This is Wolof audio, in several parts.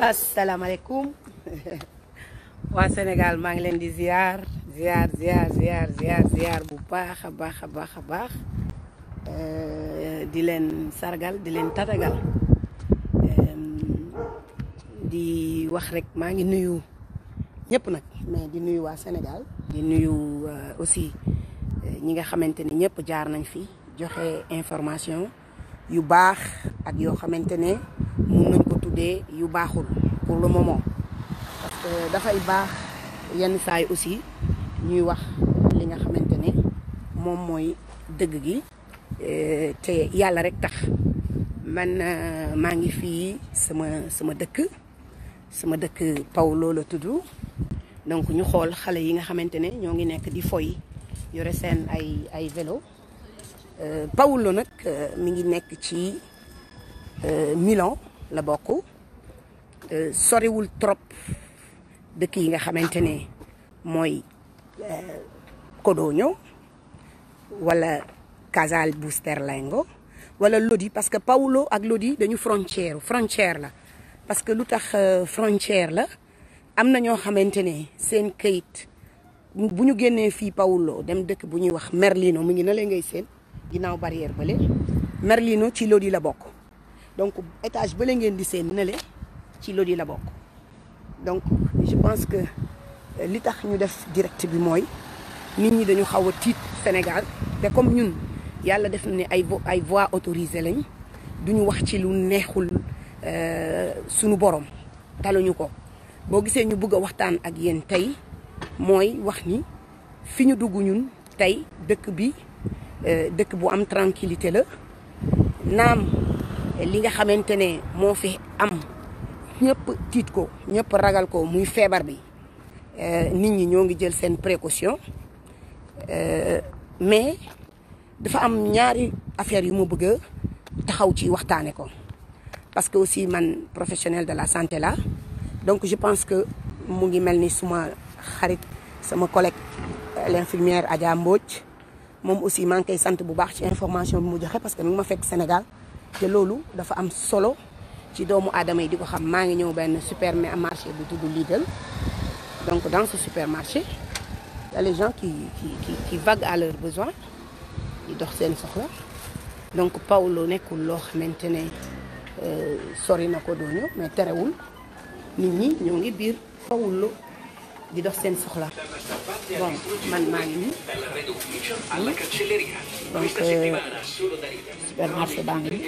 asalaamaaleykum waa Sénégal maa ngi leen di ziar ziar ziar ziar ziar bu baax a baax a baax a baax eh, di leen sargal di leen tatagal di wax rek maa ngi nuyu ñëpp nag mais di nuyu waa Sénégal di nuyu eh, aussi eh, ñi nga xamante ni ñëpp jaar nañ fi joxe information yu baax ak yoo xamante ne mun tuddee yu baaxul pour le moment parce que dafay baax yenn saay aussi ñuy wax li nga xamante ne moom mooy dëgg gi eh, te yàlla rek tax man euh, maa ngi fii sama sama dëkk sama dëkk Paolo la tudd donc ñu xool xale yi nga xamante ne ñoo ngi nekk di foy yore seen ay ay vélo euh, Paolo nag euh, mi ngi nekk ci milon la bokk Euh, soriwul trop dëkk yi nga xamante ne mooy Codogno euh, wala Casal Busterlengo wala Lodi parce que Paolo ak Lodi dañu frontière frontière la parce que lu tax euh, frontière la am na ñoo xamante ne seen kayit bu ñu génnee fii Paolo dem dëkk bu ñuy wax Merlino mu ngi na ngay seen ginnaaw barrière bële Merlino ci Lodi la bokk donc étage bële ngeen di seen na ci lodi la bokk donc je pense que euh, li tax ñu def direct bi mooy nit ñi dañu xaw a tiit Sénégal te comme ñun yàlla def na ne ay ay voix autorisées lañ duñu wax ci lu neexul euh, suñu borom taluñu ko boo gisee ñu bugg waxtaan ak yéen tey mooy wax ni fi ñu dugg ñun tey dëkk bi euh, dëkk bu am tranquillité la naam li nga xamante ne moo fi am ñëpp tiit ko ñëpp ragal ko muy feebar bi euh, nit ñi ñoo ngi jël seen précaution euh, mais dafa am ñaari affaire yu ma bëgg a taxaw ci waxtaane ko parce que aussi man professionnel de la santé la donc je pense que mu ngi mel ni suma xarit sama collègue euh, l'infirmière Adja Mbodj moom aussi maa ngi koy sant bu baax ci information bi mu joxe parce que mi ngi ma fekk Sénégal te loolu dafa am solo ci doomu aadama yi di ko xam maa ngi ñëw benn supermarché bu tudd Lidl donc dans ce supermarché y a les gens qui qui qui qui à leurs besoins di dox seen soxla donc Paolo nekkul loo xamante ne euh, sori na ko doo ñëw mais terewul nit ñi ñoo ngi biir Paolo. di dox seen soxla bon man maa ngi nii hmm? donc euh, supermarché baa ngi nii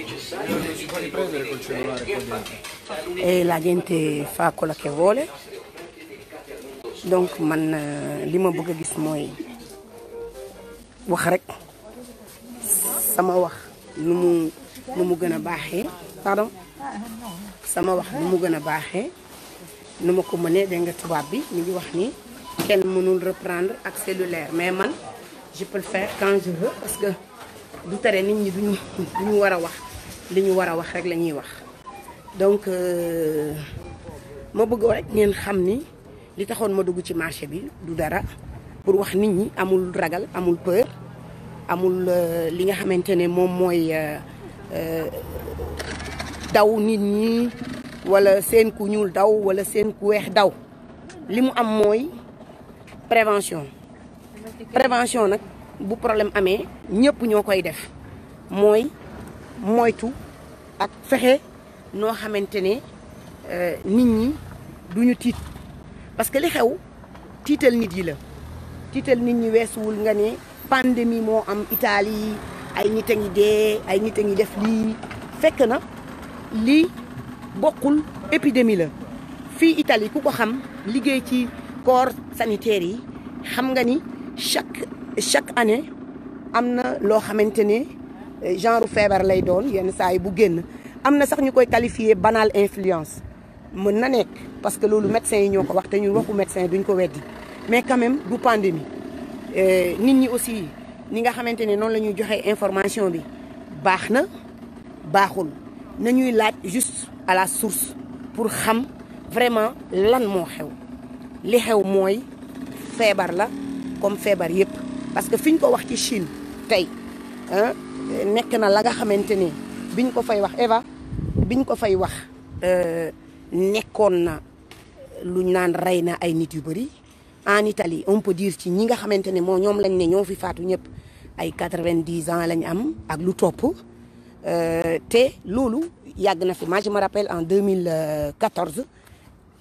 e la gente fa donc man euh, li ma bëgg a gis mooy wax rek sama wax nu mu nu mu gën a baaxee pardon sama wax nu mu gën a baaxee nu ma ko mënee dégg nga tubaab bi mi ngi wax ni kenn mënul reprendre ak cellulaire mais man je peux le faire quand je parce que du tere nit ñi duñu duñu war a wax li ñu war a wax rek la ñuy wax donc euh, ma bëgg rek ngeen xam ni li taxoon ma dugg ci marché bi du dara pour wax nit ñi amul ragal amul peur amul euh, li nga xamante ne moom mooy euh, daw nit ñi wala seen ku ñuul daw wala seen ku weex daw li mu am mooy prévention prévention nag bu problème amee ñëpp ñoo koy def mooy moytu ak fexe noo xamante ne euh, nit ñi duñu tiit parce que li xew tiital nit yi la tiital nit ñi weesuwul nga ne pandémie moo am Italie ay nit a ngi dee ay nit a ngi def lii fekk na lii bokkul épidémie la fii Italie ku ko xam liggéey ci corps sanitaire yi xam nga ni chaque chaque année am na loo xamante ne eh, genre feebar lay doon yenn saa yi bu génn am na sax ñu koy qualifier banal influence mën na nekk parce que loolu médecins yi ñoo ko wax te ñun waxu médecin duñ ko weddi mais quand même du pandémie eh, nit ñi aussi ni nga xamante ne noonu la ñuy joxe information bi baax na baaxul nañuy laaj juste à la source pour xam vraiment lan moo xew li xew mooy feebar la comme feebar yépp parce que fi ñu ko wax ci Chine tey nekk na la nga xamante ne biñ ko fay wax Eva biñ ko fay wax euh, nekkoon na luñ naan rey na ay nit yu bëri en Italie on peut dire ci ñi nga xamante ne moo ñoom lañ ne ñoo fi faatu ñëpp ay quatre-vingt-dix ans lañ am ak lu topp Euh, te loolu yàgg na fi man je me rappelle en 2014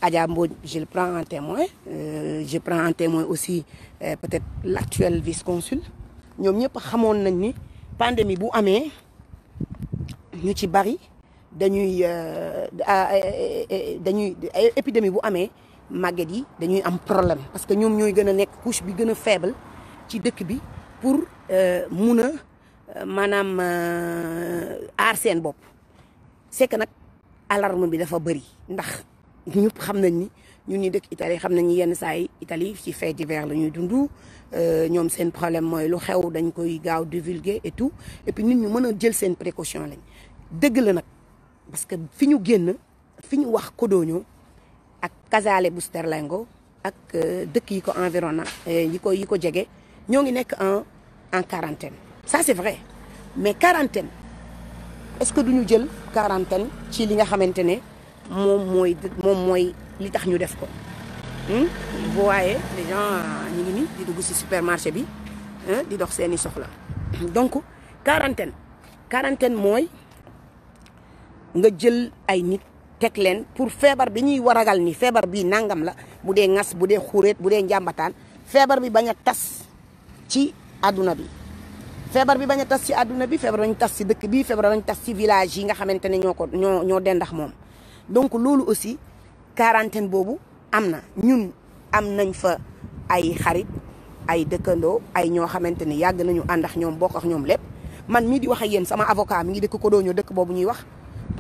Adja Mbodj je le prends en témoin euh, je prends en témoin aussi euh, peut-être l'actuel vice-consul ñoom ñëpp xamoon nañ ni pandémie bu amee ñu ci bari dañuy dañuy épidémie bu amee màgget yi dañuy am problème parce que ñoom ñooy gën a nekk couche bi gën a faible ci dëkk bi pour mun a maanaam euh, aar seen bopp c'est nag alarme bi dafa bëri ndax ñëpp xam nañ ni ñun ñi dëkk Italie xam nañ ni yenn saa yi Italie si fait divers la ñuy dund euh, ñoom seen problème mooy lu xew dañ koy gaaw divulguer et tout et puis nit ñu mën a jël seen précaution lañ dëgg la nag parce que fi ñu génn fi ñu wax Codogno ak Casale Busterlengo ak euh, dëkk yi ko environnant yi ko yi ko jege ñoo ngi nekk en en quarantaine ça c'est vrai mais quarantaine est-ce que duñu jël quarantaine ci li nga xamante ne moom mooy moom mooy li tax ñu def ko hmm? vous voyez les gens euh, ngi ni di dugg ci supermarché bi di dox seeni soxla donc quarantaine quarantaine mooy nga jël ay nit teg leen pour feebar bi ñuy waragal ni feebar bi nangam la bu dee ngas bu dee xuréet bu dee njàmbataan feebar bi bañ a tas ci adduna bi feebar bi bañ a tas ci àdduna bi feebar bañ tas ci dëkk bi feebar bañ tas ci village yi nga xamante ne ñoo ko ñoo ñoo dendax moom donc loolu aussi quarantaine boobu am na ñun am nañ fa ay xarit ay dëkkandoo ay ñoo xamante ni yàgg nañu ànd ak ñoom bokk ak ñoom lépp man mii di wax ak yéen sama avocat mi ngi dëkk ko ñoo dëkk boobu ñuy wax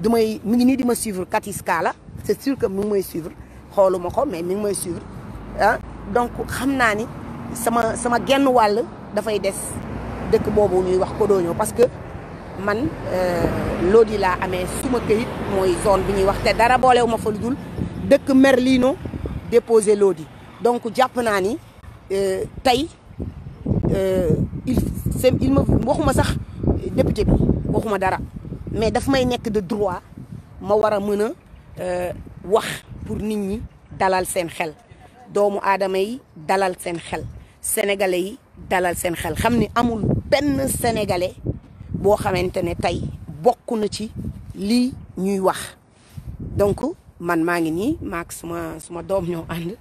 du may mi ngi nii di ma suivre Katis Kala c'est sûr que mi ngi may suivre xooluma ko mais mi ngi may suivre ah donc xam naa ni sama sama genn wàll dafay des dëkk boobu ñuy wax ko dooñoo parce que man euh, Lodi laa amee suma këyit mooy zone bi ñuy wax te dara boolewu ma fa lu dul dëkk Merlino déposé Lodi donc jàpp naa ni euh, tey euh, il c'est il ma waxuma sax député bi waxuma dara mais dafa may nekk de droit ma war a mën a wax pour nit ñi dalal seen xel doomu aadama yi dalal seen xel sénégalais yi dalal seen xel xam ni amul benn sénégalais boo xamante ne tey bokk na ci lii ñuy wax donc man maa ngi nii maak suma suma doom ñoo ànd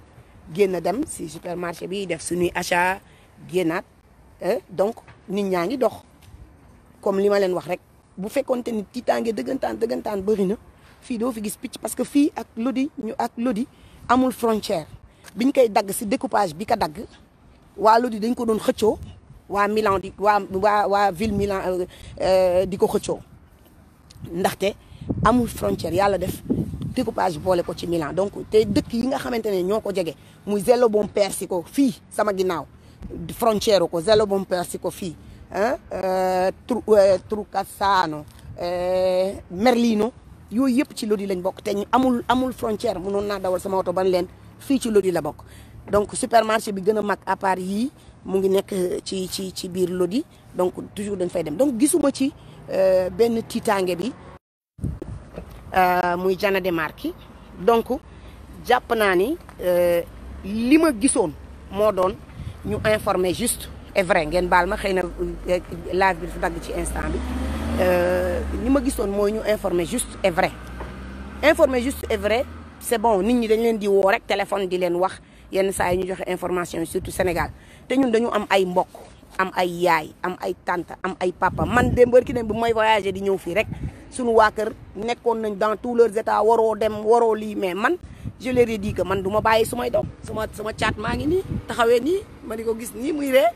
génn dem si supermarché bi def suñuy achat génnaat donc nit ñaa ngi dox comme li ma leen wax rek bu fekkonte ni tiitaange dëggantaan dëggantaan bëri na fii doo fi gis picc parce que fii ak lodi ñu ak lodi amul frontière biñ koy dagg si découpage bi ko dagg waa lodi dañ ko doon xëccoo waa Milan di waa waa waa ville Milan euh, euh, di ko xëccoo ndaxte amul frontière yàlla def découpage boole ko ci Milan donc te dëkk yi nga xamante ne ñoo ko jege muy Zelo Bom ko fii sama ginnaaw frontière ko Zelo Bom ko fii ah Trucassano Merlino yooyu yëpp ci Lodi lañ bokk te amul amul frontière mënoon naa dawal sama oto ban leen fii ci Lodi la bokk donc supermarché bi gën a mag à part yii mu ngi nekk ci ci ci biir lodi donc toujours dañ fay dem donc gisuma ci euh, benn tiitaange bi euh, muy Jana Demarchi donc jàpp naa ni euh, li ma gisoon moo doon ñu informer juste et ngeen baal ma xëy na live bi dafa dagg ci instant bi li ma gisoon mooy ñu informer juste et vrai informer juste et c'est bon nit ñi dañ leen di woo rek téléphone di leen wax yenn saa yi ñu joxe information surtout Sénégal te ñun dañu am ay mbokk am ay yaay am ay tante am ay papa man de mbër ki bu may voyager di ñëw fii rek suñu waa kër nekkoon nañ dans tous leurs états waroo dem waroo lii mais man je leur ai dit man du ma bàyyi su may doom suma suma caat maa ngi nii taxawee nii ma di ko gis nii muy ree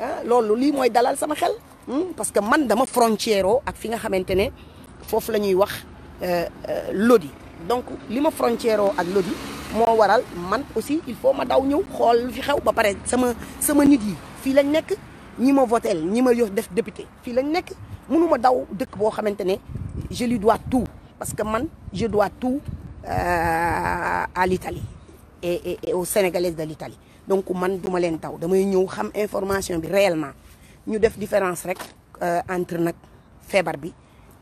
ah, loolu lii mooy dalal sama xel hmm, parce que man dama frontière oo ak fi nga xamante ne foofu la ñuy wax euh, euh, lodi donc li ma frontière ak lodi moo waral man aussi il faut ma daw ñëw xool lu fi xew ba pare sama sama nit yi fii lañ nekk ñi ma voteel ñi ma yor def député fii lañ nekk mënu ma daw dëkk boo xamante ne je lui dois tout parce que man je dois tout euh, à l'Italie et et aux Sénégalaises de l'Italie donc man du ma leen daw damay ñëw xam information bi réellement ñu def différence rek euh, entre nag feebar bi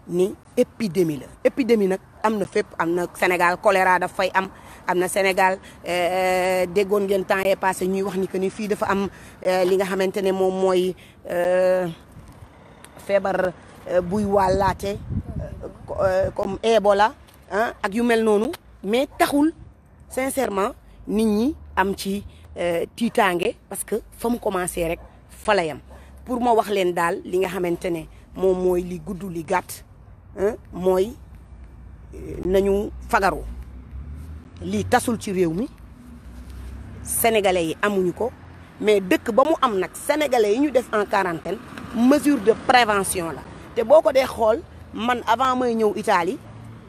ni épidémie la épidémie nag am na fépp am na Sénégal choléra daf fay am am na Sénégal euh, euh, déggoon ngeen temps yee passé ñuy wax ni que ni fii dafa am euh, li nga xamante ne moom mooy feebar buy wàllaate comme Ebola ak yu mel noonu mais taxul sincèrement nit ñi am ci tiitaange parce que fa mu commencé rek fa la yam pour ma wax leen daal li nga xamante ne moom mooy li gudd li gàtt mooy nañu fagaru lii tasul ci réew mi sénégalais yi amuñu ko mais dëkk ba mu am nag sénégalais yi ñu def en quarantaine mesure de prévention la te boo ko dee xool man avant mooy ñëw Italie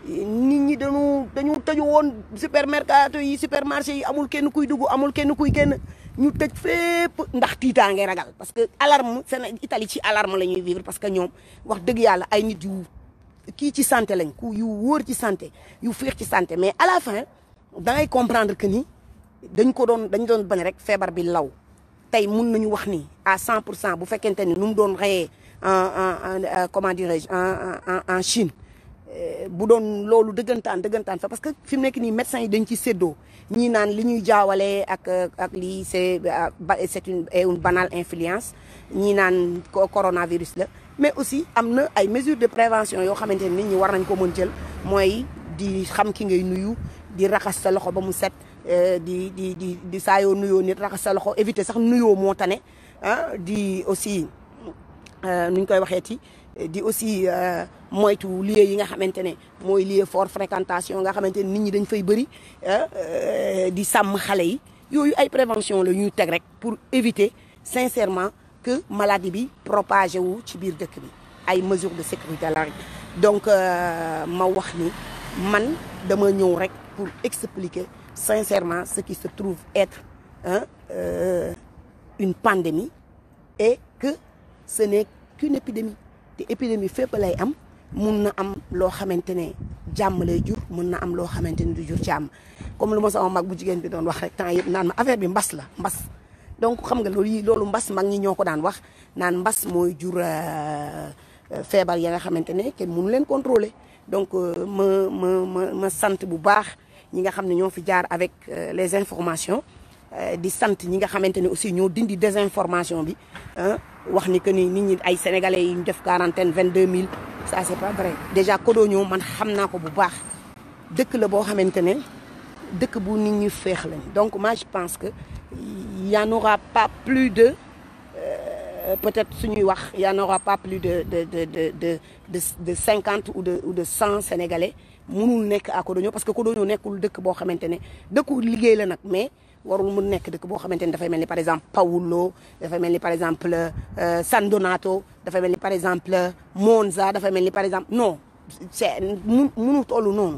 nit ñi dañu dañu tëju woon supermercato yi supermarché yi amul kenn kuy dugg amul kenn kuy génn ñu tëj fépp ndax tiitaange ragal parce que alarme Sénégal Italie ci alarme la ñuy vivre parce que ñoom wax dëgg yàlla ay nit yu kii ci santé lañ ku yu wóor ci santé yu féex ci santé mais à la fin da ngay comprendre que ni dañ ko doon dañ doon bañ rek feebar bi law tey mun nañu wax ni à cent pour cent bu fekkente ni nu mu doon reyee en euh, comment dirais-je en en Chine. Euh, bu doon loolu dëggantaan dëggantaan fa parce que fi mu nekk nii médecins yi dañ ci séddoo ñii naan li ñuy jaawalee ak euh, ak lii c'est c'est une une banale influence ñii naan coronavirus la mais aussi am na ay mesures de prévention yoo xamante ne nit ñi war nañ ko mën jël mooy di xam ki ngay nuyu di raxas sa loxo ba mu set eh, di di di di saa nuyoo nit raxas sa loxo éviter sax nuyoo moo tane ah di aussi euh, nuñ koy waxee waxeeti di aussi euh, moytu lieu yi nga xamante ne mooy lie for fréquentation nga xamante ne nit ñi dañ fay bëri ah, euh, di sàmm xale yi yooyu ay prévention la ñuy teg rek pour éviter sincèrement que maladie bi propagé wu ci biir dëkk bi ay mesures de sécurité la rek donc ma wax ni man dama ñëw rek pour expliquer sincèrement ce qui se trouve être hein, euh, une pandémie et que ce n'est qu'une épidémie te épidémie fépp lay am mun na am loo xamante ne jàmm lay jur mun na am loo xamante ne du ci am comme lu ma sama mag bu jigéen bi doon wax rek temps yëpp naan ma affaire bi mbas la mbas donc xam nga loolu loolu mbas mag ñi ñoo ko daan wax naan mbas mooy jur euh, euh, feebar ya nga xamante ne kenn mënu leen contrôler donc euh, ma ma ma ma bu baax ñi nga xam ne ñoo fi jaar avec euh, les informations euh, di sant ñi nga xamante ne aussi ñoo dindi désinformation bi wax ni que ni nit ñi ay sénégalais yi ñu def quarantaine vingt deux mille ça c'est pas vrai déjà ñoo man xam naa ko bu baax dëkk la boo xamante ne dëkk bu nit ñi féex lañ donc moi je pense que y en aura pas plus de Euh, peut-être suñuy wax y en aura pas plus de de de de de cinquante ou de ou cent sénégalais mënul nekk à Codogno parce que Codogno nekkul dëkk boo xamante ne dëkkul liggéey la nag mais warul mun nekk dëkk boo xamante ne dafay mel ni par exemple Paolo dafay mel ni par exemple euh, San Donato dafay mel ni par exemple euh, Monza dafay mel ni par exemple non c'est mu munu toll noonu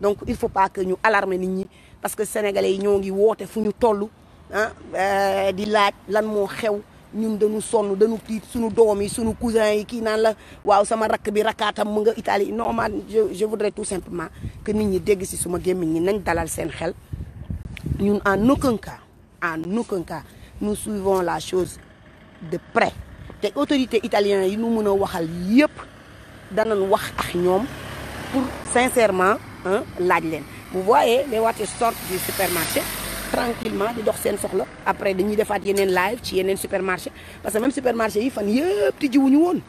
donc il faut pas que ñu alarmer nit ñi parce que sénégalais yi ñoo ngi woote fu ñu toll ah di laaj lan moo xew. ñun dañu sonn dañu tiit suñu doom yi suñu cousin yi kii naan la waaw sama rakk bi rakkaatam mu nga Italie non man je je voudrais tout simplement que nit ñi dégg si suma gémmiñ ñi nañ dalal seen xel ñun en aucun en aucun cas nous la chose de près te autorité italiens yi nu mën a waxal yépp danañ wax ak ñoom pour sincèrement laaj leen vous voyez les voitures sortent du supermarché tranquillement di dox seen soxla après dañuy defaat yeneen live ci yeneen supermarché parce que même supermarché yi fan yëpp tijji wuñu woon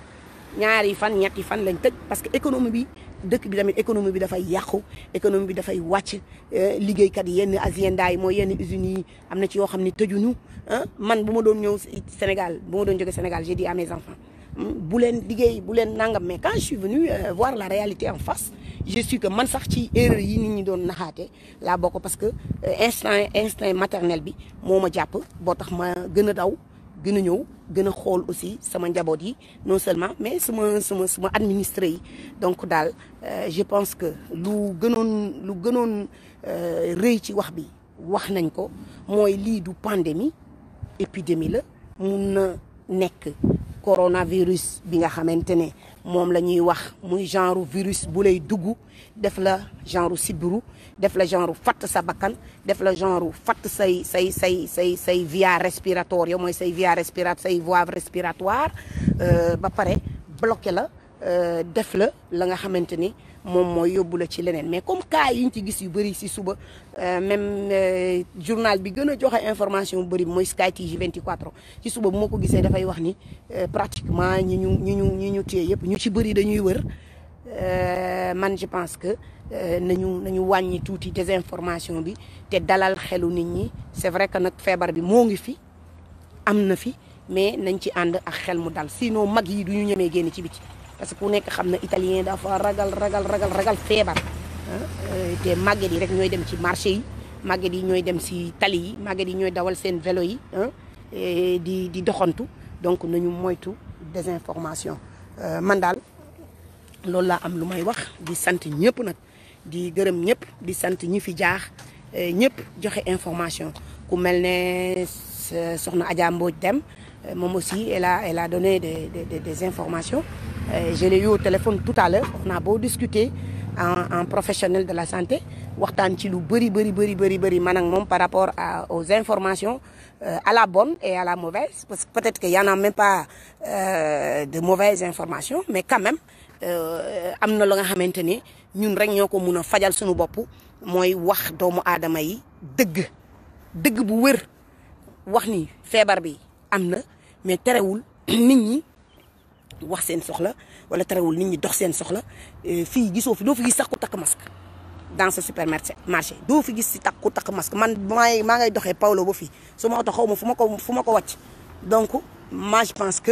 ñaari fan ñetti fan lañ tëj parce que économie bi dëkk bi tamit économie bi dafay yàqu économie bi dafay wàcc euh, liggéeykat yi yenn azienda yi mooy yenn usines yi am na ci yoo xam ne tëjuñu ah man bu ma doon ñëw Sénégal bu ma doon jóge Sénégal j'ai dit à mes enfants bu leen liggéey bu leen nangam mais quand je suis venue euh, voir la réalité en face je suis que man sax ci erreur yi nit ñi doon naxaate laa bokk parce que euh, instinct instinct maternel bi moo ma jàpp boo tax ma gën a daw gën a ñëw gën a xool aussi sama njaboot yi non seulement mais sama sama sama administré yi donc daal euh, je pense que lu gënoon lu gënoon rëy ci wax bi wax nañ ko mooy lii du pandémie épidémie la mun na nekk coronavirus bi nga xamante ne moom la ñuy wax muy genre virus bu lay dugg def la genre sibiru def la genre fatt sa bakkan def la genre fatt say say say say say via respiratoire yow mooy say via respiratoire say voie respiratoire euh, ba pare bloqué la euh, def la la nga xamante ni moom mooy yóbbu la ci leneen mais comme cas yi ñu ci gis yu bëri si suba euh, même euh, journal bi gën a joxe information bu bëri mooy Sky TV 24 ci suba bu ma ko gisee dafay wax ni euh, pratiquement ñi ñu ñi ñu ñi ñu yëpp ñu ci bëri dañuy wër man je pense que nañu nañu wàññi tuuti désinformation bi te dalal xelu nit ñi c'est vrai que nag feebar bi moo ngi fi am na fi mais nañ ci ànd ak xel mu dal sinon mag yi du ñu ñemee génn ci biti parce que ku nekk xam na italien dafa ragal ragal ragal ragal feebar euh, te màgget yi rek ñooy dem ci marché yi màgget yi ñooy dem si tali yi màgget yi ñooy dawal seen vélo yi di di doxantu donc nañu moytu désinformation euh, man daal loolu laa am lu may wax di sant ñëpp nag di gërëm ñëpp di sant ñi fi jaax euh, ñëpp joxe information ku mel ne soxna Adja Mbodj dem moom aussi elle a elle a donné des des des informations Euh, je l'ai téléphone tout à l'heure on a beau discuter en en professionnel de la santé waxtaan ci lu bëri bëri bëri bëri bëri man ak moom par rapport à, aux informations euh, à la bonne et à la mauvaise parce que peut-être qu'il y en a pas euh, de mauvaises informations mais quand même euh, am na la nga xamante ni ñun rek ñoo ko mun a fajal suñu bopp mooy wax doomu aadama yi dëgg dëgg bu wër wax ni feebar bi am na mais terewul nit ñi wax seen soxla wala terewul nit ñi dox seen soxla euh, fii gisoo fi doo fi gis sax ku takk masque dans ce supermarché marché doo fi gis si takk ku takk masque man maay maa ngay doxee Paolo ba fii su ma oto xaw ma fu ma ko fu ma ko wàcc donc moi pense que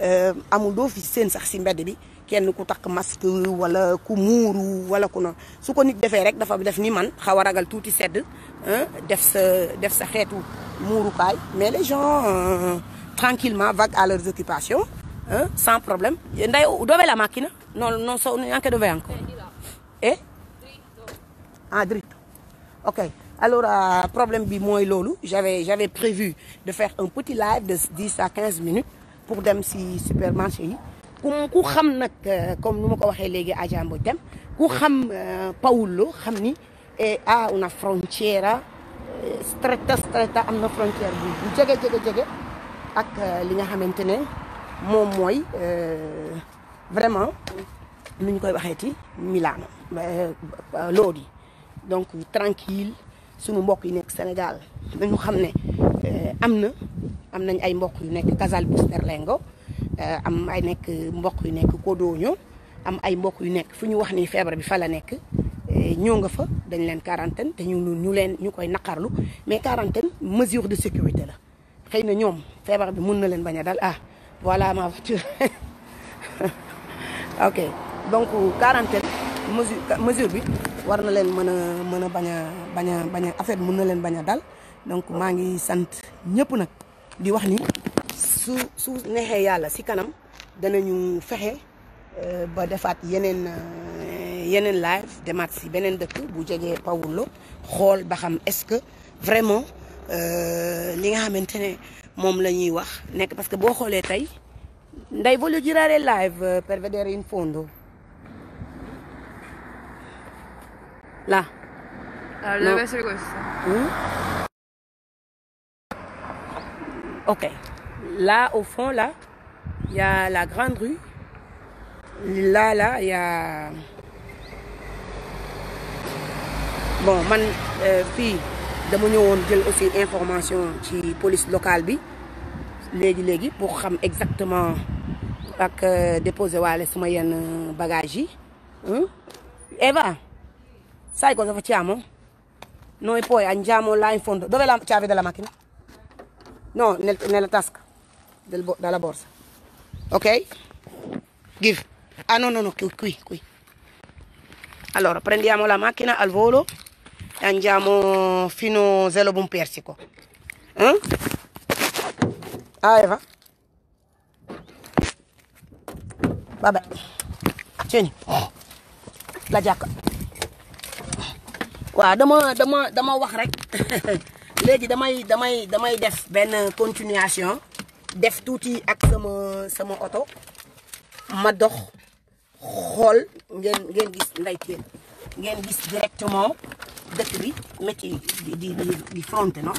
euh, amul doo fi seen sax si mbedd bi kenn ku takk masque wala ku muuru wala ku noonu su ko nit defee rek dafa def ni man xaw a ragal tuuti sedd def sa def sa xeetu muurukaay mais les gens euh, tranquillement vaguent à leurs occupations sans problème nday dove la macchina non non so neanche dove ancora eh ah dritto ok alors euh, problème bi mooy loolu j'avais j'avais prévu de faire un petit live de 10 à 15 minutes pour dem si supermarché yi ku ku xam nag euh, comme nu ma ko waxee léegi Adja Mbodj Dème ku xam euh, Paolo xam ni e a una frontiera stretta stretta am na frontière bu bu jege jege jege ak li nga xamante ne moom mooy euh, vraiment nu ñu koy waxeeti Milano euh, Lodi donc tranquille suñu mbokk yu nekk Sénégal dañu xam ne euh, am na am nañ ay mbokk yu nekk Casalpusterlengo am ay nekk mbokk yu nekk Codogno am ay mbokk yu nekk fu ñu wax nii feebar bi fa la nekk ñoo nga fa dañ leen quarantaine te ñu ñu leen ñu koy naqarlu mais quarantaine mesure de sécurité la xëy na ñoom feebar bi mun na leen bañ a dal ah Voilà ma voiture. ok donc quarantaine mesure bi war na leen mën a mën a bañ a bañ a bañ a affaire na leen bañ a dal donc maa ngi sant ñëpp nag di wax ni su su neexee yàlla si kanam danañu fexe euh, ba defaat yeneen euh, yeneen live demaat si beneen dëkk bu jegee Pawulo xool ba xam est-ce que vraiment euh, li nga xamante ne moom la ñuy wax nekk parce que boo xoolee tey nday voglio girare live euh, per vedere fondo là allora ah, hmm? deve y la grande rue bon man euh, fii dama ñëwoon jël aussi information ci police locale bi léegi léegi pour xam exactement ak euh, déposer waale suma yenn euh, bagage yi Eva sai cosa facciamo noi poi andiamo là in fondo dove la chiave della macchina no nel, nella tasca del, della borsa ok give ah no no no qui qui allora prendiamo la macchina al volo andiamo fino 0 persico eh? ah Eva vabbè tieni la giacca waaw dama dama dama wax rek léegi damay damay damay def benn continuation def tuuti ak sama sama oto ma dox xool ngeen ngeen gis nday teen ngeen gis directement dëkk bi metti di di di fronte no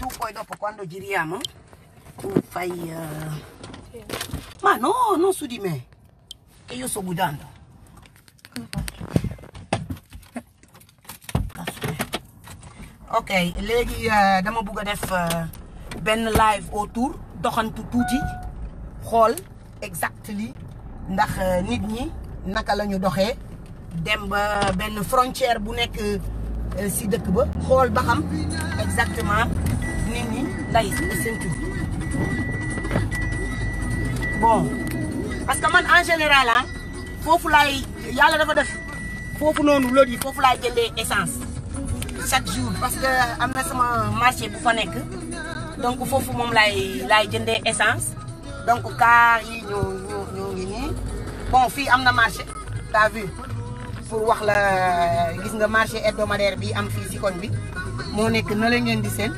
tu poi dopo quando giriamo tu fai euh, ma no su di me che io sto guidando ok léegi euh, dama bugg a def euh, benn live autour doxantu tuuti xool exactly ndax nit ñi naka la ñu doxee dem ba benn frontière bu nekk euh, si dëkk ba xool ba xam exactement nit ñi lay séntu bon parce que man en général ah foofu lay yàlla dafa def foofu noonu loolu yi foofu laay jëndee essence chaque jour parce que am na sama marché bu fa nekk donc foofu moom lay laay jënde essence donc car yi ñoo ñoo ñoo ngi nii bon fii am na marché t'as vu pour wax la gis nga marché hebdomadaire bi am fii si koñ bi moo nekk na la ngeen di seen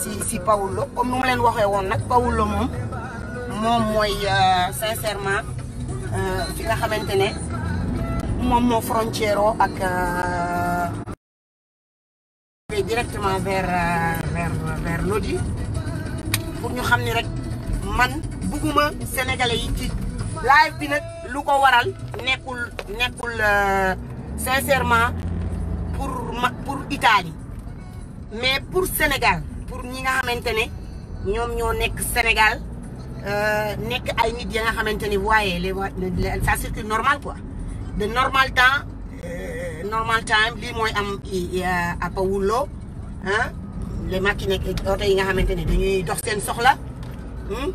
si si Pawulo comme nu ma leen waxee woon nag Pawulo moom moom mooy euh, sincèrement euh, fi nga xamante ne moom moo frontière oo ak euh, directement vers vers vers Lodi pour ñu xam ni rek man bugguma sénégalais yi ci live bi nag lu ko waral nekkul nekkul euh, sincèrement pour ma pour Italie mais pour Sénégal pour ñi nga xamante ne ñoom ñoo nekk Sénégal euh, nekk ay nit ya nga xamante ne waaye les ça circule normal quoi de normal temps euh, normal time lii mooy am apa wulloo ah les machines ak oto yi nga xamante ne dañuy dox seen soxla hmm.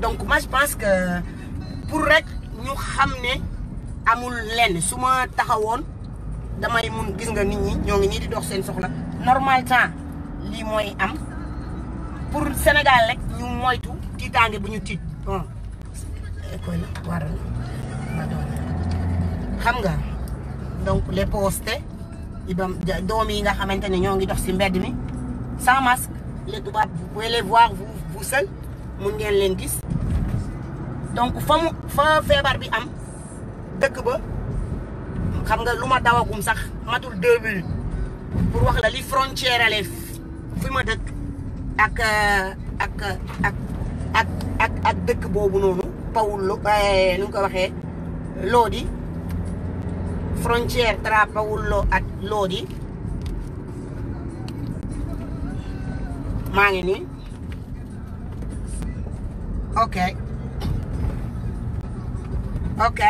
donc moi je pense que pour rek ñu xam ne amul lenn su ma taxawoon damay mun gis nga nit ñi ñoo ngi nii di dox seen soxla normal temps lii mooy am pour Sénégal rek ñu moytu tiitaange bu ñu tiit bon école waral xam nga donc les postes ibam doom yi nga xamante ne ñoo ngi dox si mbedd mi sans masque les tubaab vous pouvez les voir vous vous ngeen leen gis donc fa mu fa feebar bi am dëkk ba xam nga lu ma dawagum sax matul deux minutes pour wax la li frontière fi ma dëkk ak ak ak ak ak dëkk boobu noonu Pawulo nu mu ko waxee Lodi frontière tra Pawulo ak Lodi maa ngi nii ok ok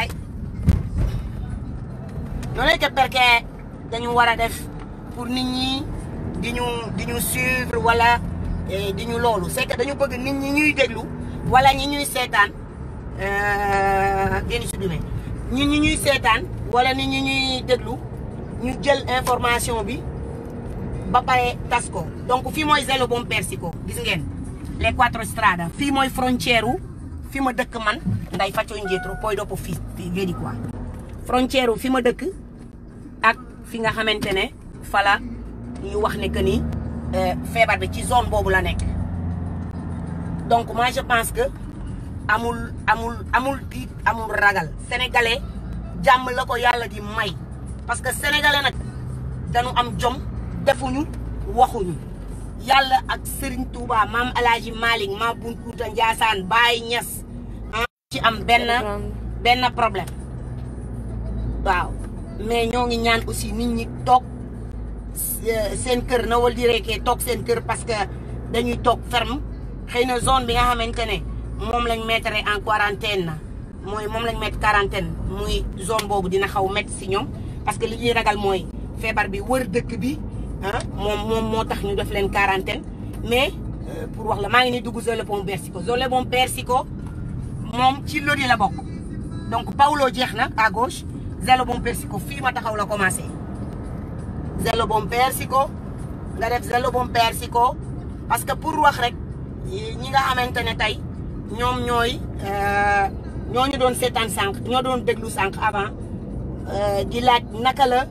non è che perché dañu war a def pour nit ñi di ñu di ñu suivre wala eh, di ñu loolu c'est dañu bëgg nit ñi ñuy déglu wala ñi ñuy seetaan génn si dume ñi ñi ñuy seetaan walla nit ñi ñuy déglu ñu jël information bi ba pare tas ko donc fii mooy Zelo Buon Persico gis ngeen les quattro strade fii mooy frontière fi ma dëkk man nday facco indietro poi dopo fi vedi quoi frontière fi ma dëkk ak fi nga xamante ne fala ñu wax ne que ni euh, feebar bi ci zone boobu la nekk donc moi je pense que amul amul amul tiit amul ragal sénégalais jàmm la ko yàlla di may parce que sénégalais nag dañu am jom defuñu waxuñu yàlla ak Serigne Touba maam El Hadj Malick maam Boun Kouta Ndiassane Baye Niass ah, ci am benn benn problème waaw mais ñoo ngi ñaan aussi nit ñi toog euh, seen kër na wal di rekkee toog seen kër parce que dañuy toog ferme xëy na zone bi nga xamante ne moom lañ mettre en quarantaine na mooy moom lañ mettre quarantaine muy zone boobu dina xaw metti si ñoom parce que li ragal mooy feebar bi wër dëkk bi ah moom moom moo tax ñu def leen quarantaine mais euh, pour wax la maa ngi ni dugg Zolobon Bersico Zolobon Bersico moom ci Lodi la bokk donc Paulo jeex na à gauche Zolobon Bersico fii ma taxaw la commencé Zolobon Bersico nga def Zolobon Bersico parce que pour wax rek ñi nga xamante ne tey ñoom ñooy euh, ñoo ñu doon seetaan sànq ñoo doon déglu sànq avant euh, di laaj naka la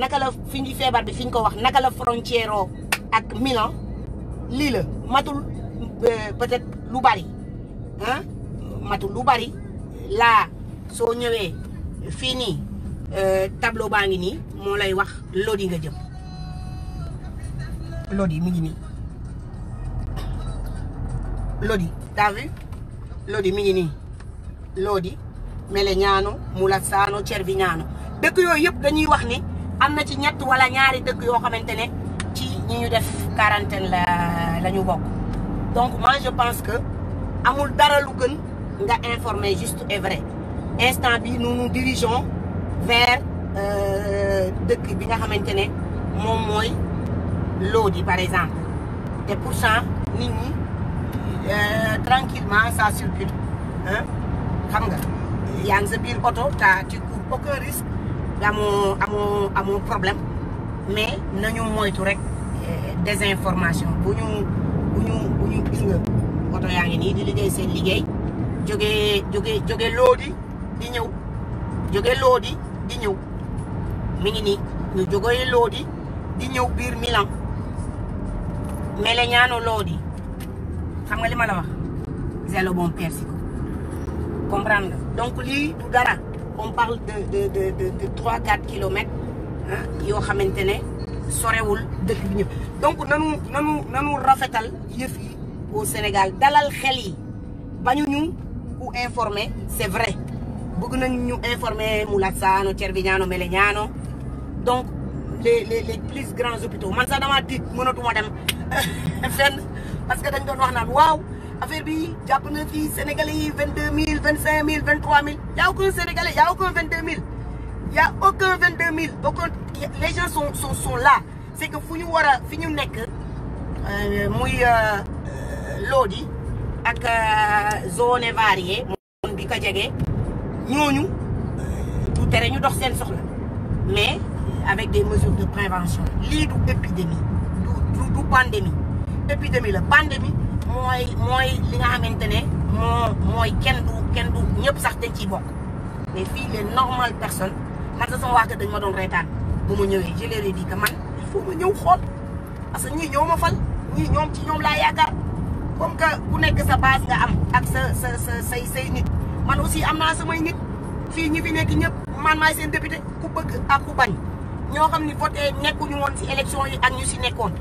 naka la fi ñu feebar bi fi ñu ko wax naka la frontière ak Milan lii la matul euh, peut-être lu bari ah matul lu bari laa soo ñëwee fii ni euh, tablo baa ngi nii moo lay wax Lodi nga jëm Lodi mi ngi nii Lodi t'as vu Lodi mi ngi nii Lodi Melegnano Mulazzano Cervignano dëkk yooyu yëpp dañuy wax ni am na ci ñett wala ñaari dëkk yoo xamante ne ci ñi ñu def quarantaine la la ñu bokk donc moi je pense que amul dara lu gën nga informer juste et vrai instant bi nu nous dirigeons vers euh, dëkk bi nga xamante ne moom mooy Lodi par exemple te pourtant nit ñi euh, tranquillement ça circule xam nga yaa ngi sa biir oto ta tu cours aucun risque amoo amoo amoo problème mais nañu moytu rek eh, désinformation bu ñu bu ñu bu gis nga oto yaa ngi nii di liggéey si liggéey jóge jógee jóge loodi di ñëw jóge loodi di ñëw mi ngi nii ñu jógee loodi di ñëw biir Milan mais la ñaano loodi xam nga li ma la wax zelo bon persico comprendre nga donc lii du dara on parle de de trois quatre kilomètres yoo xamante ne sorewul dëkk bi ñëpp donc nanu nanu nanu rafetal yëf yi au Sénégal dalal xel yi bañu ñu ku informer c'est vrai bëgg nañ ñu informer Moulassano Cervignano Melegnano donc les les plus grands hôpitaux man sax damaa tiit mënatuma dem fenn parce que dañ doon wax naan waaw affaire bi jàpp na fii Sénégalais yi vingt mille vingt cinq mille vingt trois mille y' a aucun Sénégalais y' a aucun vingt deux mille y' a vingt deux mille aucun les gens sont sont sont là que fu ñu war a fi ñu nekk. Euh, muy euh, euh, Lodi ak zone variée. moom bi ko jege ñooñu. du tere ñu dox seen soxla. mais avec des mesures de prévention. lii du épidémie du du du pandémie. la pandémie mooy mooy li nga xamante ne. moo mooy kenn du kenn du ñëpp sax te ciy bokk mais fii les normales personnes man sa sama waa kër dañ ma doon reetaan bu ma ñëwee je leur ai dit man il ma ñëw xool parce que ñii ñoo ma fal ñii ñoom ci ñoom ku nekk sa base nga am ak sa sa sa say say man aussi am naa samay nit fii ñi fi nekk ñëpp man maay seen député ku bëgg ak ku bañ ñoo xam ni voté nekkuñu woon ci élection yi ak ñu si nekkoon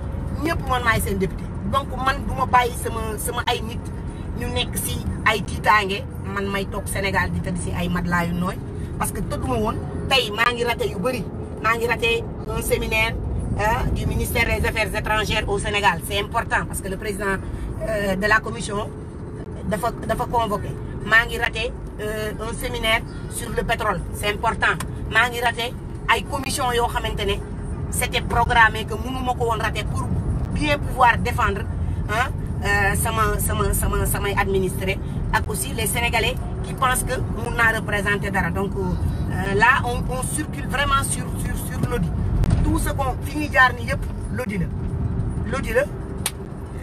ñëpp man maay seen député donc man du ma bàyyi sama sama ay nit ñu nekk si ay tiitaange man may toog Sénégal di tëdd si ay matelas yu nooy parce que tëdduma woon tey maa ngi raté yu bëri maa ngi raté un séminaire du ministère des affaires étrangères au Sénégal c'est important parce que le président euh, de la commission dafa dafa convoqué maa ngi raté euh, un séminaire sur le pétrole c'est important maa ngi raté ay commission yoo xamante ne c'était programme que mënu ma ko woon raté pour bien pouvoir défendre ah Euh, sama sama sama samay administré ak aussi les sénégalais qui pensent que mun naa représenter dara donc euh, là on circule vraiment sur sur sur l'audit tout ce qu'on fi ñuy jaar ni yëpp l'audit la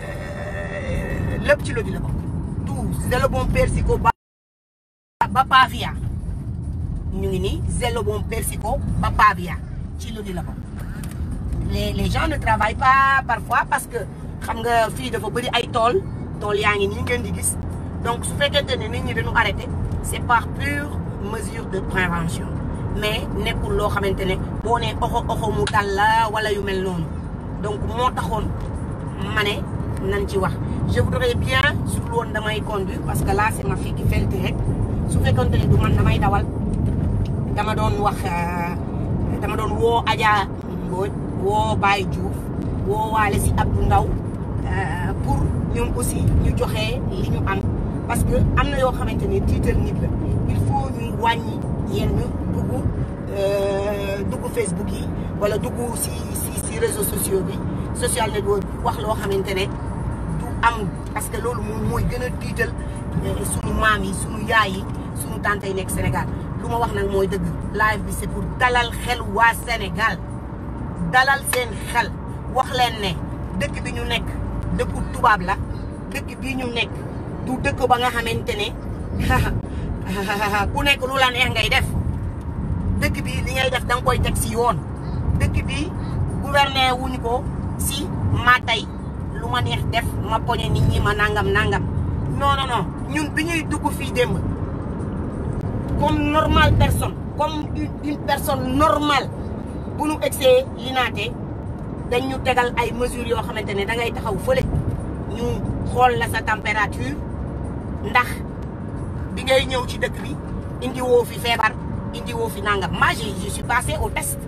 euh, ci l'audit la ko tout zelo bon persico ba ba pavia ñu ngi nii zelo ci l'audit la ko les gens ne travaillent pas parfois parce que xam nga fii dafa bëri ay tool tool yaa ngi nii ngeen di gis donc su fekkente ne nit ñi dañu arrêté c'est par pure mesure de mais nekkul loo xamante ne boo nee oxo mu dal la wala yu mel noonu donc moo taxoon ma nañ ci wax je voudrais bien su dul woon damay conduire parce que là c'est ma fille su fekkonte ne du man damay dawal dama doon wax euh, dama doon woo Adja Mbodj woo Baye Diouf woo waale si Abdou Ndaw Euh, pour ñoom aussi ñu joxe li ñu am parce que am na yoo xamante ni tiital nit la il faut ñu wàññi yenn dugg euh, dugg Facebook yi wala dugg si si si sociaux bi social network wax loo xamante ne du am parce que loolu moom mooy gën a tiital euh, suñu maam yi suñu yaay yi suñu tante yi nekk Sénégal lu ma wax nag mooy dëgg live bi c'est pour dalal xel waa Sénégal dalal seen xel wax leen ne dëkk bi ñu nekk dëkku tubaab la dëkk bii ñu nekk du dëkk ba nga xamante ne ku nekk lu la neex ngay def dëkk bi li ngay def da koy teg si yoon dëkk bi gouverner wuñ ko si ma tey lu ma neex def ma poñe nit ñi ma nangam nangam non non ñun bi ñuy dugg fii démb comme normal personne comme une personne normale bu nu egsee li naate dañ ñu tegal ay mesures yoo xamante ne dangay taxaw fële ñu xool la sa température ndax bi ngay ñëw ci dëkk bi indi woo fi feebar indi woo fi nangam ma je suis passé au test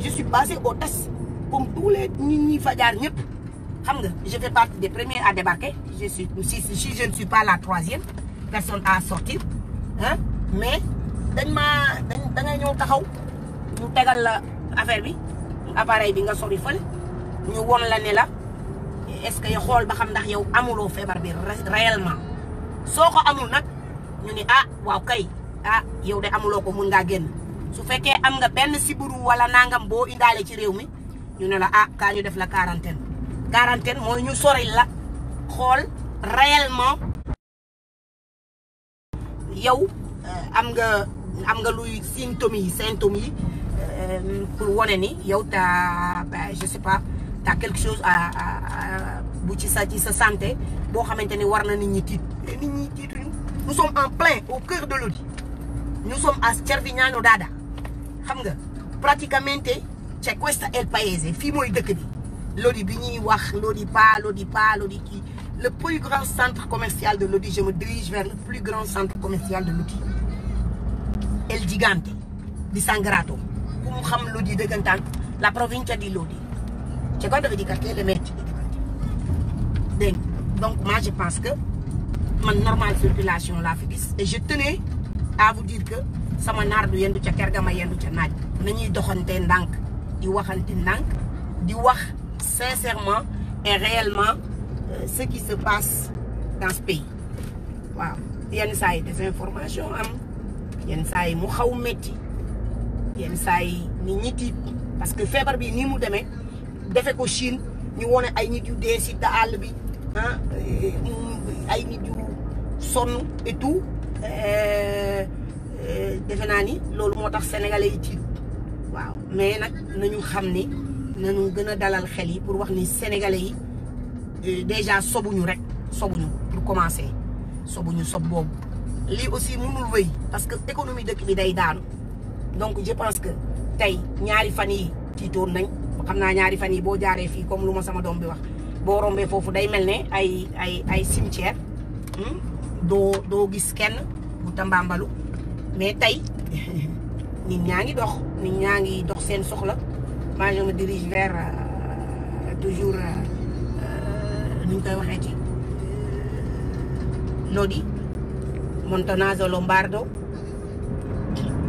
je suis passé au test comme tous les nit ñi fa jaar ñëpp xam nga je fais partie des premiers à débarquer je suis si je ne suis pas la troisième personne à sortir ah mais dañ maa dañ da ngay ñëw taxaw ñu tegal la affaire bi appareil bi nga sori fële ñu won la ne la est-ce que xool ba xam ndax yow amuloo feebar bi réellement soo ko amul nag ñu ni ah waaw kay ah yow de amuloo ko mun ngaa génn su fekkee am nga benn siburu wala nangam boo indaalee ci réew mi ñu ne la ah kaa ñu def la quarantaine quarantaine mooy ñu sori la xool réellement yow euh, am nga am nga luy symptômes yi symptômes yi pour wone ni yow taa je sais pas taa quelque chose à bu ci sa ci sa sante boo xamante ni war na nit ñi tiit nit ñi tiituñu nous sommes en plein au cœur de l'audi nous sommes à Cervignano Dada xam nga praticamente c'è questa è il fii mooy dëkk bi l'audi bi ñuy wax l'audi pas l'audi pas l'audi kii le plus grand centre commercial de l'audi je me dirige vers plus grand centre commercial de l'audi El Gigante di Sangrato ku xam lodi dëggantaan la provincia di Lodi c'est quoi dafa di quartier le maire dégg donc moi je pense que man normal circulation laa fi gis et je tenais à vous dire que sama naar du yendu ca ker ga ma yendu ca naaj na ñuy doxante ndànk di waxante ndànk di wax sincèrement et réellement euh, ce qui se passe dans pays waaw yenn saa yi désinformation am yenn saa yi mu xaw metti yenn saa yi nit ñi tiit parce que feebar bi nii mu demee defe ko Chine ñu wone ay nit yu dee si àll bi ah eh, ay nit yu sonn et eh, eh, defe naa ni loolu moo tax sénégalais yi tiit waaw mais nag nañu xam ni nañu gën a dalal xel yi pour wax ni sénégalais yi déjà sobuñu rek sobuñu pour commencer sobuñu sob boobu lii aussi mënul wéy parce que économie dëkk bi day daanu donc je pense que tey ñaari fan yi tiitoon nañ xam naa ñaari fan yi boo jaaree fii comme lu ma sama doom bi wax boo rombee foofu day mel ne ay ay ay cimetière hmm? doo doo gis kenn bu tambaambalu mais tey nit ñaa ngi dox nit ñaa ngi dox seen soxla moi je me dirige vers euh, toujours euh, euh, nu ñu koy waxee ci lodi Montonazo Lombardo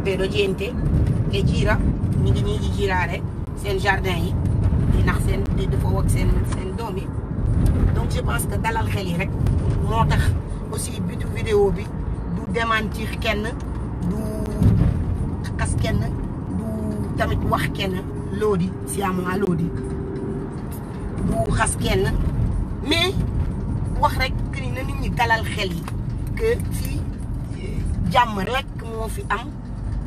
ɓeɗo jente e jiira mi ngi ñiiji seen jardin yi di nax seen di defoo ak seen doom yi donc je pense que dalal xel yi rek moo tax aussi bitu vidéo bi du démentir kenn du xas kenn du tamit wax kenn loodi si amoa loodi du xas kenn mais wax rek que ni na nit ñi dalal xel yi que fii eh, jàmm rek moo fi am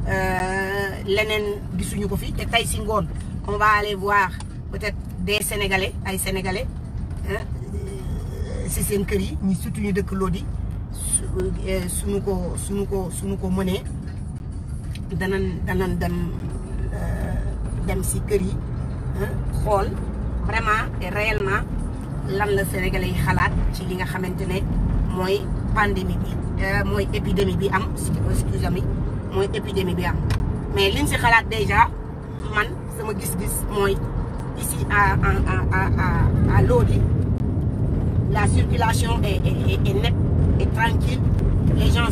Euh, leneen gisuñu ko fi te tey si ngoon on va aller voir peut-être des sénégalais ay sénégalais euh, si seen kër yi ñu surtout ñu dëkk Lodi suñu euh, ko suñu ko suñu ko mënee danan danan dem dem si kër yi xool vraiment et réellement lan la sénégalais yi xalaat ci li nga xamante ne mooy pandémie bi mooy épidémie bi am excusez-moi mooy épidémie bi am mais liñ si xalaat déjà man sama gis-gis mooy ici à Lodi la circulation est est est nette et tranquille les gens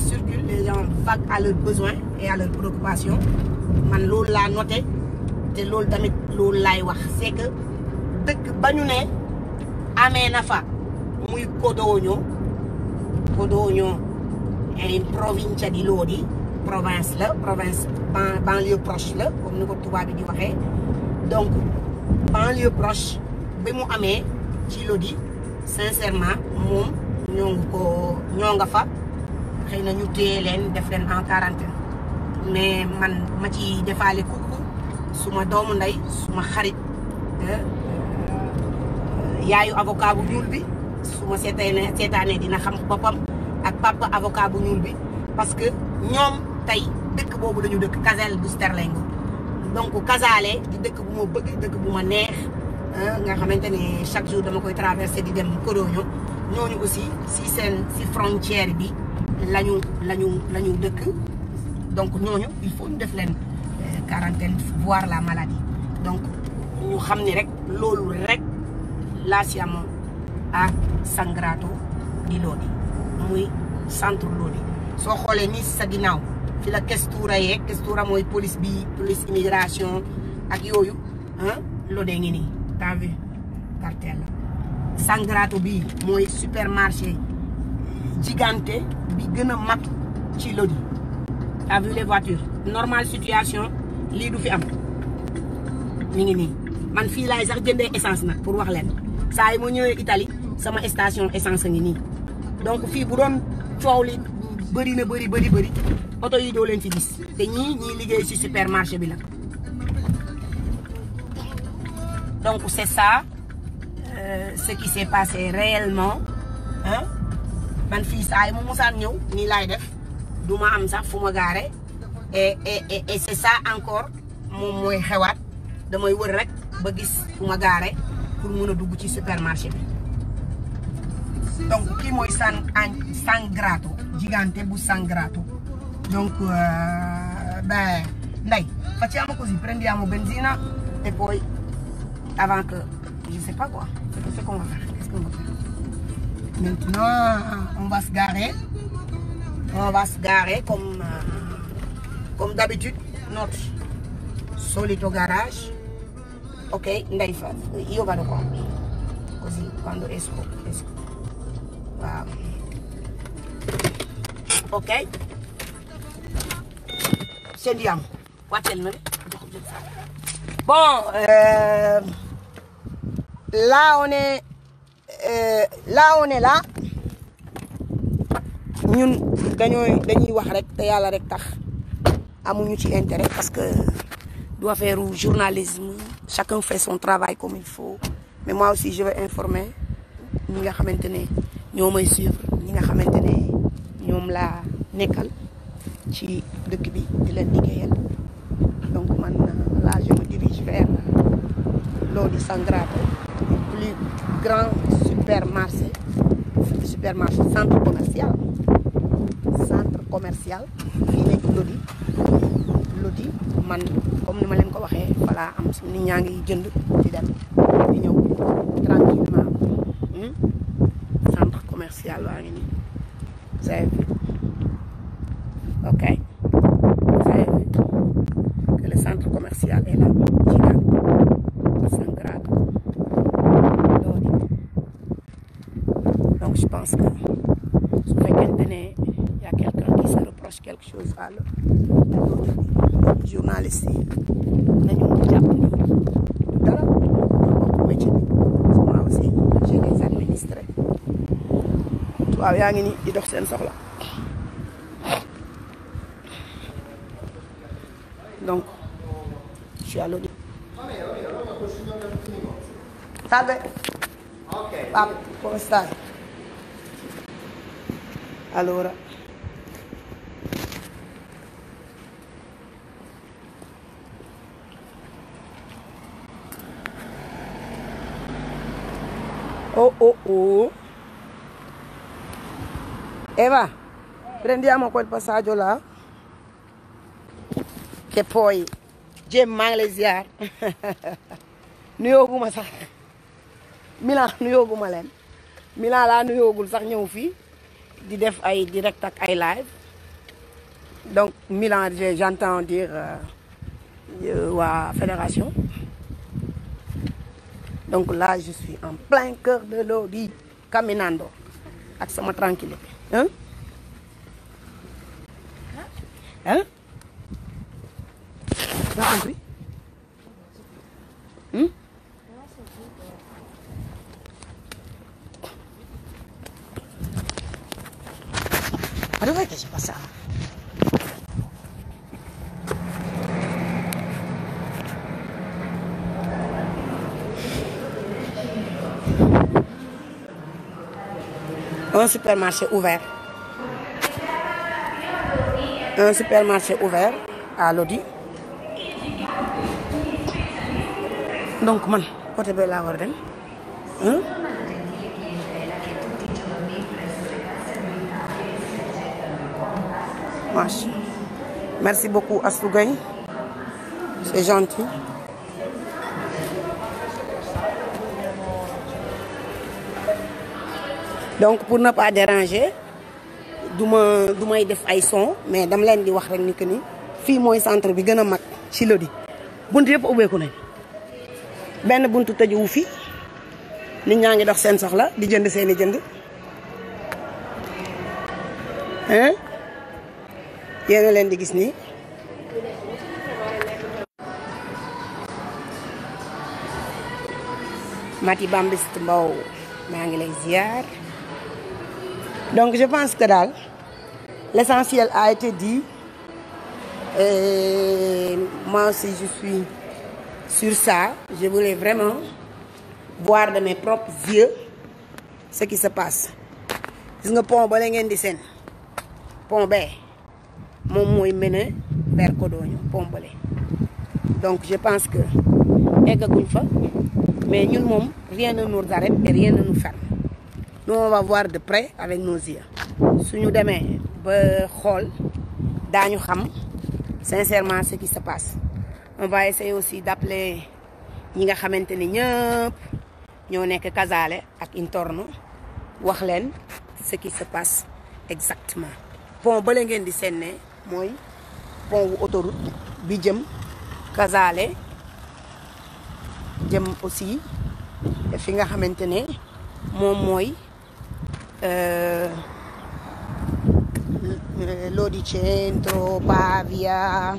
à leurs besoins et à leurs préoccupations man loolu laa noté te loolu tamit loolu lay wax c'est que ba ñu ne amee na muy Codogno Codogno è in provincia di Lodi province la province banlieue proche la comme ni ko tubaab bi di waxee donc banlieue proche bi mu amee ci Lodi sincèrement moom ñoo ngi ko ñoo nga fa xëy na ñu téye leen def leen en quarantaine mais man ma ci defaale kooku suma doomu ndey suma xarit euh, yaayu avocat bu ñuul bi su ma seetaanee seetaanee dina xam boppam ak papa avocat ñuul bi parce que ñoom tey dëkk boobu lañu dëkk Caselle bu Sterling donc Casale di dëkk bu ma bëgg dëkk bu ma neex nga xamante ne chaque jour dama koy traversé di dem Codogno ñooñu aussi si seen si frontière bi lañu lañu lañu dëkk donc ñooñu il faut ñu def leen euh, quarantaine voire la maladie donc ñu xam ni rek loolu rek laa si am à Sangrato di Lodi muy centre Lodi soo xoolee nii sa ginnaaw fi la kestura yeeg a mooy police bi police immigration ak yooyu ah lodee ngi nii t'as vu cartel la Sangrato bii mooy supermarché gigante bi gën a mag ci Lodi t'as vu les voitures normal situation lii du fi am mi ngi nii man fii laay sax jëndee essence nag pour wax leen saa yi ma ñëwee Italie sama station essence a ngi nii donc fii bu doon coow li bëri na bëri bëri bëri oto yii doo leen fi gis te ñii ñii liggéey ci supermarché bi la donc c'est ça euh, ce qui s'est passé réellement ah man fii saa yi mu musaan ñëw nii laay def du am sax fu ma gaare et c'est ça encore moom mooy xewaat damay wër rek ba gis fu ma gaare pour mun a dugg ci supermarché bi donc kii mooy San San Sangrato gigante bu Sangrato donc eh, beh dai facciamo così prendiamo benzina e poi avant que je sais pas quoi c'est qu'on va faire qu'est-ce qu'on va faire maintenant on va se garer on va se garer comme euh, comme d'habitude notre solito garage ok Ndeye Fall io vado qua così quando esco esco waaw ok seen yàmb wàcceel na bon la euh, là on est euh, ñun dañooy dañuy wax rek te yàlla rek tax amuñu ci intérêt parce que du affaire journalisme chacun fait son travail comme il faut mais moi aussi je vais informer ñi nga xamante ne ñoo may suivre ñi nga xamante ne ñoom laa nekkal ci dëkk bi di leen liggéeyal donc man euh, la je me dirige vers l'eau di Sangrado le plus grand supermarché supermarché centre commercial centre commercial fii nekk Lodi Lodi man comme ni ma leen ko waxee walaa am nit ñaa ngi jënd di dem di ñëw tranquillement hmm? centre commercial waa ngi nii ok vous centre commercial est là gigante sangrado loolu donc je pense que su fekkente ne y a quelqu'un qui reproche quelque chose à l'autre journaliste yi nañu jàpp ni dara bokk métier bi moi aussi waaw yaa ngi ni di dox soxla ¿Tarde? Ok. Papi, come stai? Allora. Oh oh oh. Eva, prendiamo quel passaggio là. Che poi Gemma Iglesias. New York, sax Milan nuyooguma leen Milan laa nuyoogul sax ñëw fii di def ay direct ak ay live donc Milan j'entends dire euh, euh, waa fédération donc là je suis en plein cœur de l'eau di caminando ak sama tranquillité hein hein hein hmm? 바로 가기 싶어서 supermarché ouvert un ouvert à Lodi donc man côté bee laa war marche merci beaucoup Astou Gaye c'est gentil donc pour ne pas déranger du ma may def ay son mais dam leen di wax rek ni que ni fii mooy centre bi gën a mag ci Lodi bunt yëpp ubbeeku nañ benn buntu tëjuwu fi nit ñaa ngi dox seen soxla di jënd seeni jënd hein yéen a leen di gis nii Mati Bambist Mbow maa ngi lay ziar donc je pense que daal l'essentiel a été dit et moi aussi je suis sur ça je voulais vraiment voir de mes propres yeux ce qui se passe gis nga pont ba la ngeen di seen pont moom mooy mener vers Codogno Pombale donc je pense que eggaguñ fa mais ñun moom rien ne nous arrête et rien ne nous ferme de près avec nos su ñu demee ba xool daañu xam sincèrement ce qui se passe on va essayer aussi d'appeler ñi nga xamante ni ñëpp ñoo nekk Casale ak intorno wax leen ce qui se passe exactement bon ngeen di seen mooy pont autoroute bi jëm Casale jëm aussi fi nga xamante ne moom mooy euh, Lodicentro Pavia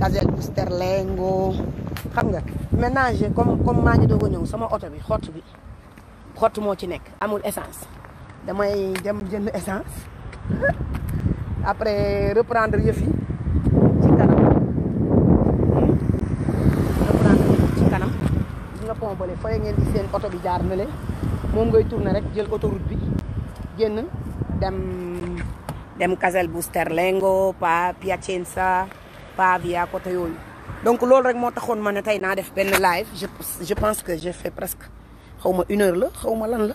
Casal Busterlengo xam nga ménager comme comme maa ngi doog a ñëw sama oto bi xott bi xott moo ci nekk amul essence damay dem jënd essence après reprendre yëf yi ci kanam nga pont bële fooy ngeen di seen oto bi jaar na moom ngay tourne rek jël autoroute bi génn dem dem Casalpusterlengo pa Piacenza pa via côté yooyu donc loolu rek moo taxoon ma ne tey naa def benn live je je pense que j'ai fait presque xaw ma une heure la xawma lan la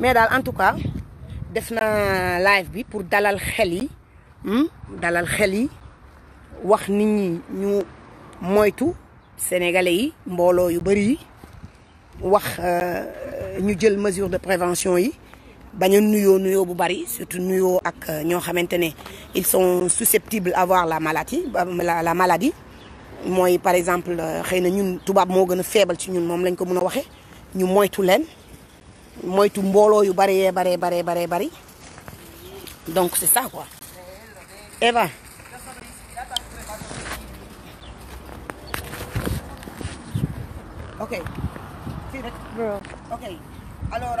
mais daal en tout cas def na live bi pour dalal xel yi Hmm? dalal xel yi wax nit ñi ñu moytu sénégalais yi mbooloo yu bëri yi wax euh, ñu jël mesure de prévention yi bañ a nuyoo nuyoo bu bëri surtout nuyoo ak euh, ñoo xamante ne ils sont susceptibles avoir la maladie la maladie mooy par exemple euh, xëy na ñun tubaab moo gën a feebal ci ñun moom lañ ko mën a waxee ñu moytu leen moytu mbooloo yu bëree baree baree baree bari donc c'est ça quoi Ewa. ok ok alors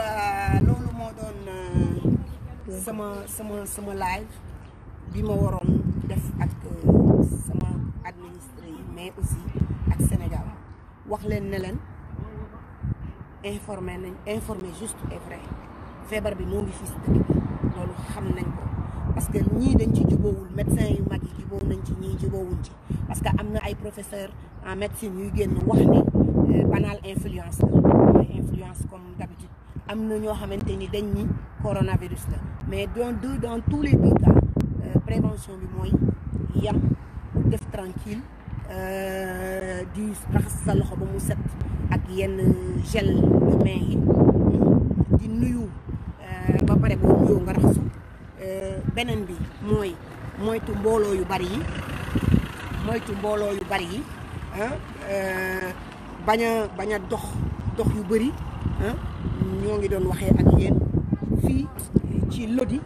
loolu moo doon eh, sama sama sama live bi ma waroon def ak eh, sama administré mais aussi ak Sénégal wax leen ne leen informé nañ informé juste et feebar bi moo ngi fii si dëkk loolu xam nañ ko. parce que ñii dañ ci jubóowul médecin yu mag yi jubóow nañ ci ñii parce que am na ay professeur en médecine yuy génn wax ni euh, banal influence la am na ñoo xamante ni dañ ñi coronavirus la mais dans deux dans tous les deux cas euh, prévention bi mooy yam def tranquille euh, di raxas sa loxo ba mu set ak yenn gel de yi di nuyu ba pare boo nuyoo nga raxasu beneen bi mooy moytu mbooloo yu bari yi moytu mbooloo yu bari yi euh, bañ a bañ a dox dox yu bëri ñoo ngi doon waxee ak yéen fii ci Lodi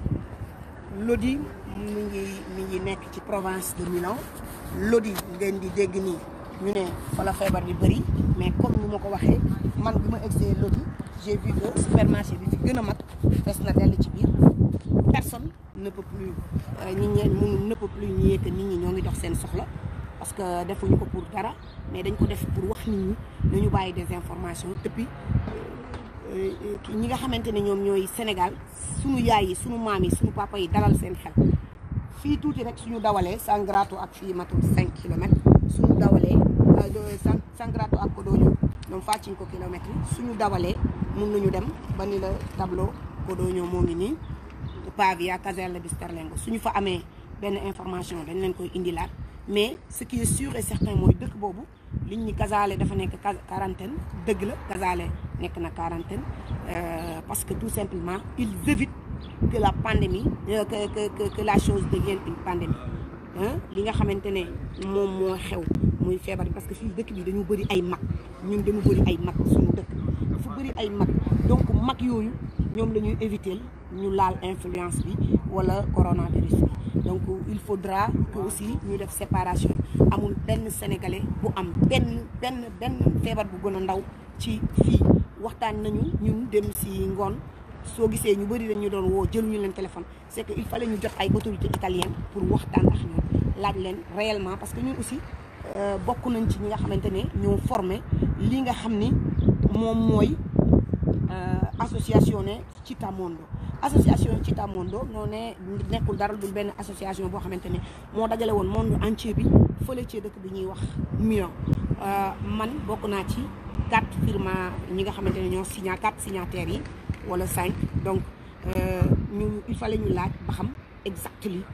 Lodi mi ngi mi ngi nekk ci province de Milan Lodi ngeen di dégg nii ñu ne fa la feebar bi bëri mais comme ni ma ko waxee man bi ma egsee Lodi j'ai vu que supermarché bi fi gën a mag fees na dell ci biir personne ne peut plus euh, nit ñi ne peut plus nier que nit ñi ñoo ngi dox seen soxla parce que defuñu ko pour dara mais dañ ko def pour wax nit ñi nañu bàyyi des informations depuis euh, euh, ñi nga xamante ne ñoom ñooy Sénégal suñu yaay yi suñu maam yi suñu papa yi dalal seen xel fii tuuti rek suñu dawalee Sangrato ak fii matul 5 kilomètres suñu dawalee Sangrato ak Kodooñu ñoom fàcciñ ko kilomètres yi suñu dawalee mun nañu dem ba ni la tableau Kodooñu moo ngi nii Pavia caserne bi Sterlingo suñu fa amee benn information dañ leen koy indilaat mais ce qui est sûr et certain mooy dëkk boobu liñ ñi Casale dafa nekk quarantaine dëgg la Casale nekk na quarantaine euh, parce que tout simplement ils évitent que la pandémie euh, que que que, que la chose devienne une pandémie li nga xamante ne moom moo xew muy feebar parce que fii dëkk bi dañu bëri ay mag ñun dañu bëri ay mag suñu dëkk dafa bëri ay mag donc mag yooyu ñoom la ñuy éviter ñu laal influence bi wala coronavirus bi donc il faudra que aussi ñu def séparation amul benn sénégalais bu am benn benn benn feebar bu gën a ndaw ci fii waxtaan nañu ñun dem si ngoon soo gisee ñu bari dañ ñu doon woo jëluñu leen téléphone c'est que il fallait ñu jot ay autorités italiennes pour waxtaan ak ñoom laaj leen réellement parce que ñun aussi euh, bokk nañ ci ñi nga xamante ne ñoo formé li nga xam ni moom mooy euh, associazione ci Mondo association ci Mondo noo ne nekkul dara dul benn association boo xamante ne moo dajale woon monde entier bi fële ci dëkk bi ñuy wax Milan euh, man bokk naa ci quatre firma ñi nga xamante ne ñoo signa quatre signataires yi wala cinq donc euh, ñu il fallait ñu laaj ba xam exactement